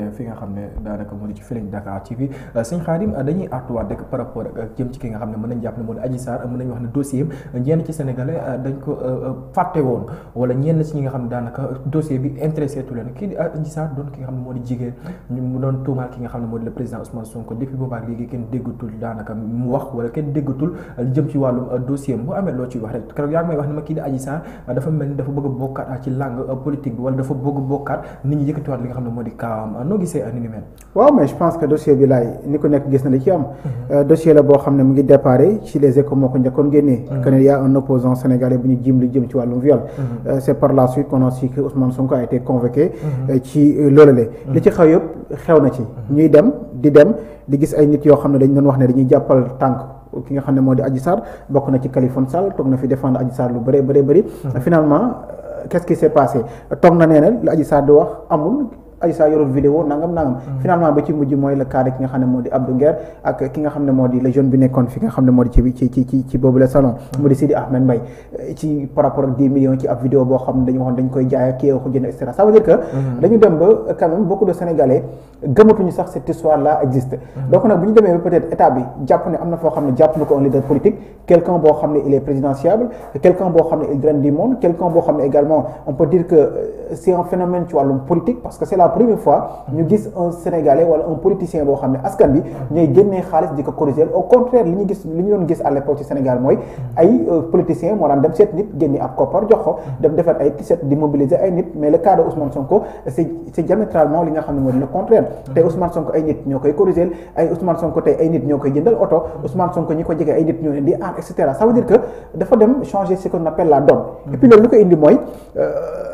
arrêté fi nga xam ne daanaka moo di ci Feeling Dakar TV euh, sëñ Xaadim dañuy artuwaat rek par rapport ak jëm ci ki nga xam ne moo di Adji ne moo di jigéen mu doon tuumaal ki nga xam ne moo di le président Ousmane Sonko depuis boobaak léegi kenn déggatul daanaka mu wax wala kenn déggatul euh, jëm ci wàllum euh, dossier am amee loo ciy wax rek yaa ngi wax ne ma kii di Adji dafa mel ni dafa bëgg a bokkaat ah, ci langue politique bi wala dafa bëgg bokkaat nit ñi yëkkatiwaat li noo gisee ni waaw mais je pense que dossier bi laay ni ko nekk gis na li ci am. Mhm. Euh, dossier la boo xam ne mu ngi déparé ci les échos moo ko njëkkoon génnee. Mhm. que ne y a un opposant sénégalais bu ñu jim lu jëm ci wàllum viol. Mhm. Euh, c' par la suite qu' on a su que Ousmane Sonko a euh, ci loolale. li ci xew yëpp xew na ci. ñuy dem di dem di gis ay nit yoo xam ne dañ doon wax ne dañuy jàppal tànk. ki nga xam ne moo di Adji bokk na ci Kalifone Sall toog na fi défendre Adji Sarr lu bëree bëri bëri. finalement qu'est-ce qui s'est passé toog na nee na li Adji wax amul. Aïssa yorul vidéo nangam nangam mm. finalement ba ci mujj mooy le cas ki nga xam ne moo di Abdou ak ki nga xam ne moo di le jeune bi nekkoon fi nga xam ne moo di ci boobu le salon mm. mu di Sidi Ahmed Mbaye ci par rapport ak 10 ci ab vidéo boo xam ne dañu koy jaay ak kii ko jënd et cetera ça dire que mm. dañu dem ba quand même de Sénégalais gëmatuñu sax cette histoire là existe donc nag bu ñu demee ba peut état bi jàpp ne am na foo première fois ñu gis un sénégalais wala un politicien boo xam ne askan bi ñooy génnee xaalis di ko corriger au contraire li ñu gis li ñu doon gis à l'époque ci Sénégal mooy ay euh, politicien moo daan dem seet nit génne ab koppar jox ko dem defar ay tiset di mobiliser ay nit mais le cas de Ousmane Sonko c'est c'est diamétralement li nga xam ne mooy le contraire tey Ousmane Sonko ay nit ñoo koy corriger ay Ousmane Sonko tey ay nit ñoo koy jëndal oto Ousmane Sonko ko jege ay nit ñoo leen di aar et cetera ko indi mooy euh,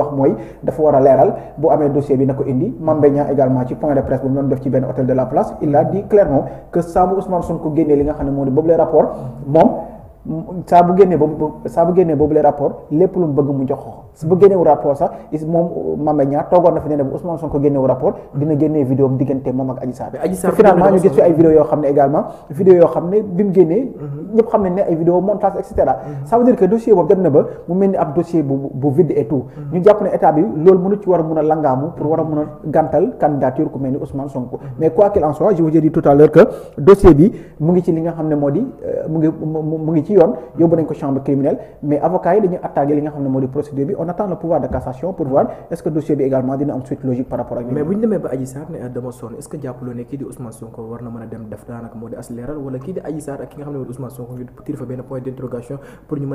wax mooy dafa war a leeral bu amee dossier bi na ko indi Mame Mbaye également ci point de presse bu mu doon def ci benn hôtel de la place il a clairement que saa bu Ousmane génnee li nga xam ne moo boobu les rapport moom saa bu génnee boobu saa bu rapport lépp lu mu bëgg mu jox ko su bu génnewu rapport sax is moom Mame Niang toogoon na fi ne ne bu Ousmane Sonko génnewu rapport dina génnee vidéo am diggante moom ak Adji Sarr finalement ñu gis fi ay vidéo yoo xam ne également vidéo yoo xam ne bi mu génnee mhm. ñëpp xam ne ne ay vidéo montage et cetera mhm. ça veut dire dossier boobu dem na ba mu mel ni ab dossier bu bu vide et mhm. ñu jàpp ne état bi loolu mënu ci war a mun a langaamu ne moo di euh, mu ngi ci yoon yóbbu nañ ko chambre criminelle mais avocat yi dañuy attaqué li nga xam ne moo di procédure bi on attend le pouvoir de cassation pour voir est ce que dossier bi également dina am suite logique par rapport ak mais bu ñu demee ba Adji ne ah, dama sonn est ce que jàppaloo ne kii di Ousmane ak ki nga xam ne moo di Ousmane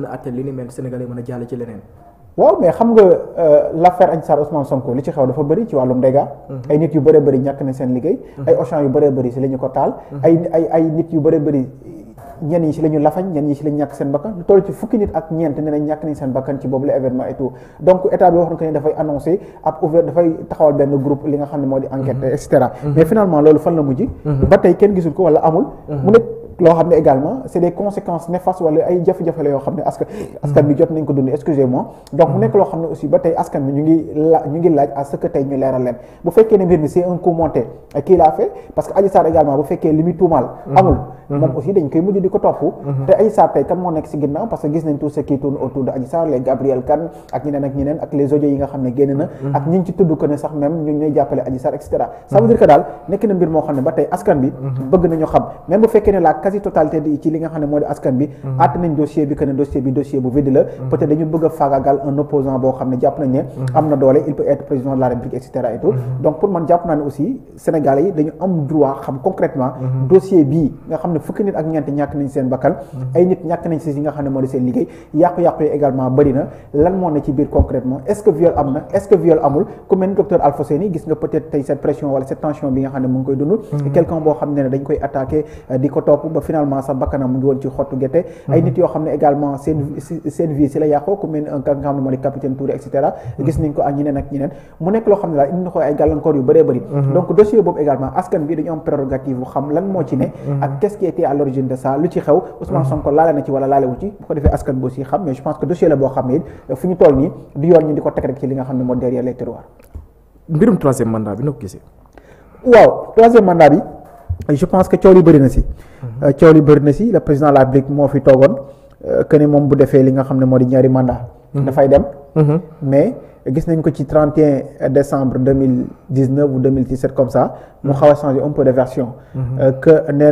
a atte a euh, mhm. ay nit yu bëree bëri ñàkk na seen liggéey mhm. ay Auchan yu bëree bëri si la ko taal mhm. ay ay ñenn ñi si la ñu lafañ ñenn ñi si la ñu ñàkk seen bakkan lu toll ci fukki nit ak ñeent ne ñàkk nañ seen bakkan ci boobu la événement et tout donc état bi wax na ko xam ne moo di enquête mhm. et cetera mhm. mais finalement loolu fan la mujj mhm. ba tey kenn gisul ko nekk loo xam ne également c' est des conséquences néfastes ay jafe-jafe la yoo xam ne askan askan bi jot nañ ko dund excusez donc mu nekk loo xam ne aussi bi ñu ngi laaj à ce que tey ñu leeral bu fekkee ne mbir mi c' un coup monté kii laa fait parce que Adji Sarr également bu moom mm-hmm. aussi dañ koy mujj di ko topp mm-hmm. te Adji tey kan moo nekk si ginnaaw parce que gis nañ tout ce qui tourne autour Gabriel Kane ak ñeneen ak ñeneen ak les audios yi nga xam ne génn na mm-hmm. ak ñi ci tudd ko ne sax même ñu ñooy jàppale Adji Sarr et cetera nekk na mbir moo xam ne ba tey askan bi bëgg nañu xam même bu fekkee ne la quasi totalité di ci li nga xam ne moo di askan bi àtt nañ dossier bi que ne dossier bi dossier bu vide la peut être dañu bëgg ne fukki nit ak ñeent ñàkk nañ seen bakkan ay nit ñàkk nañ si yi nga xam ne moo di seen liggéey yàqu-yàqu yi également bëri lan moo ne ci biir concrètement est-ce am na est-ce amul ku mel ni docteur Alpha gis nga peut tey cette pression wala cette tension bi nga xam ne mu mm-hmm. euh, di ko xottu gerte ay mm-hmm. nit yoo xam ne également seen vie si la yàqoo ku mel nga xam ne moo di capitaine Touré et mm-hmm. gis nañ ko ak ñeneen ak ñeneen mu nekk loo xam ne daal indi na qui était à l'origine de ça lu ci xew Ousmane mhm. Sonko laale na ci wala laalewu ci bu ko defee askan bi aussi xam mais je pense que dossier la boo xam ne fu ñu toll nii du yoon ñu di ko teg rek ci li nga xam ne moo derrière les tiroirs mbirum troisième mandat bi na ko gisee waaw troisième mandat bi je pense que coow li bëri si mhm. euh, coow li bëri si le président la République moo fi toogoon euh, que moom bu defee li nga xam ne moo di ñaari mandat mhm. dafay dem mais gis nañ ko ci 31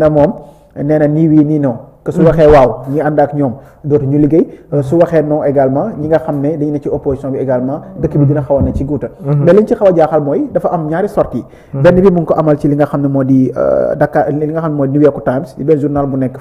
a Eh, nee na nii wii nii non que su waxee waaw ñi ànd ak ñoom dootu ñu liggéey euh, su waxee non également ñi nga xam ne dañu ne ci opposition bi également dëkk bi dina xaw a ne ci guuta mhm. mais liñ ci xaw a jaaxal mooy dafa am ñaari sortie mhm. benn bi mu ngi ko amal ci li nga xam ne moo di euh, Dakar li nga xam ne moo di New York Times di benn journal bu nekk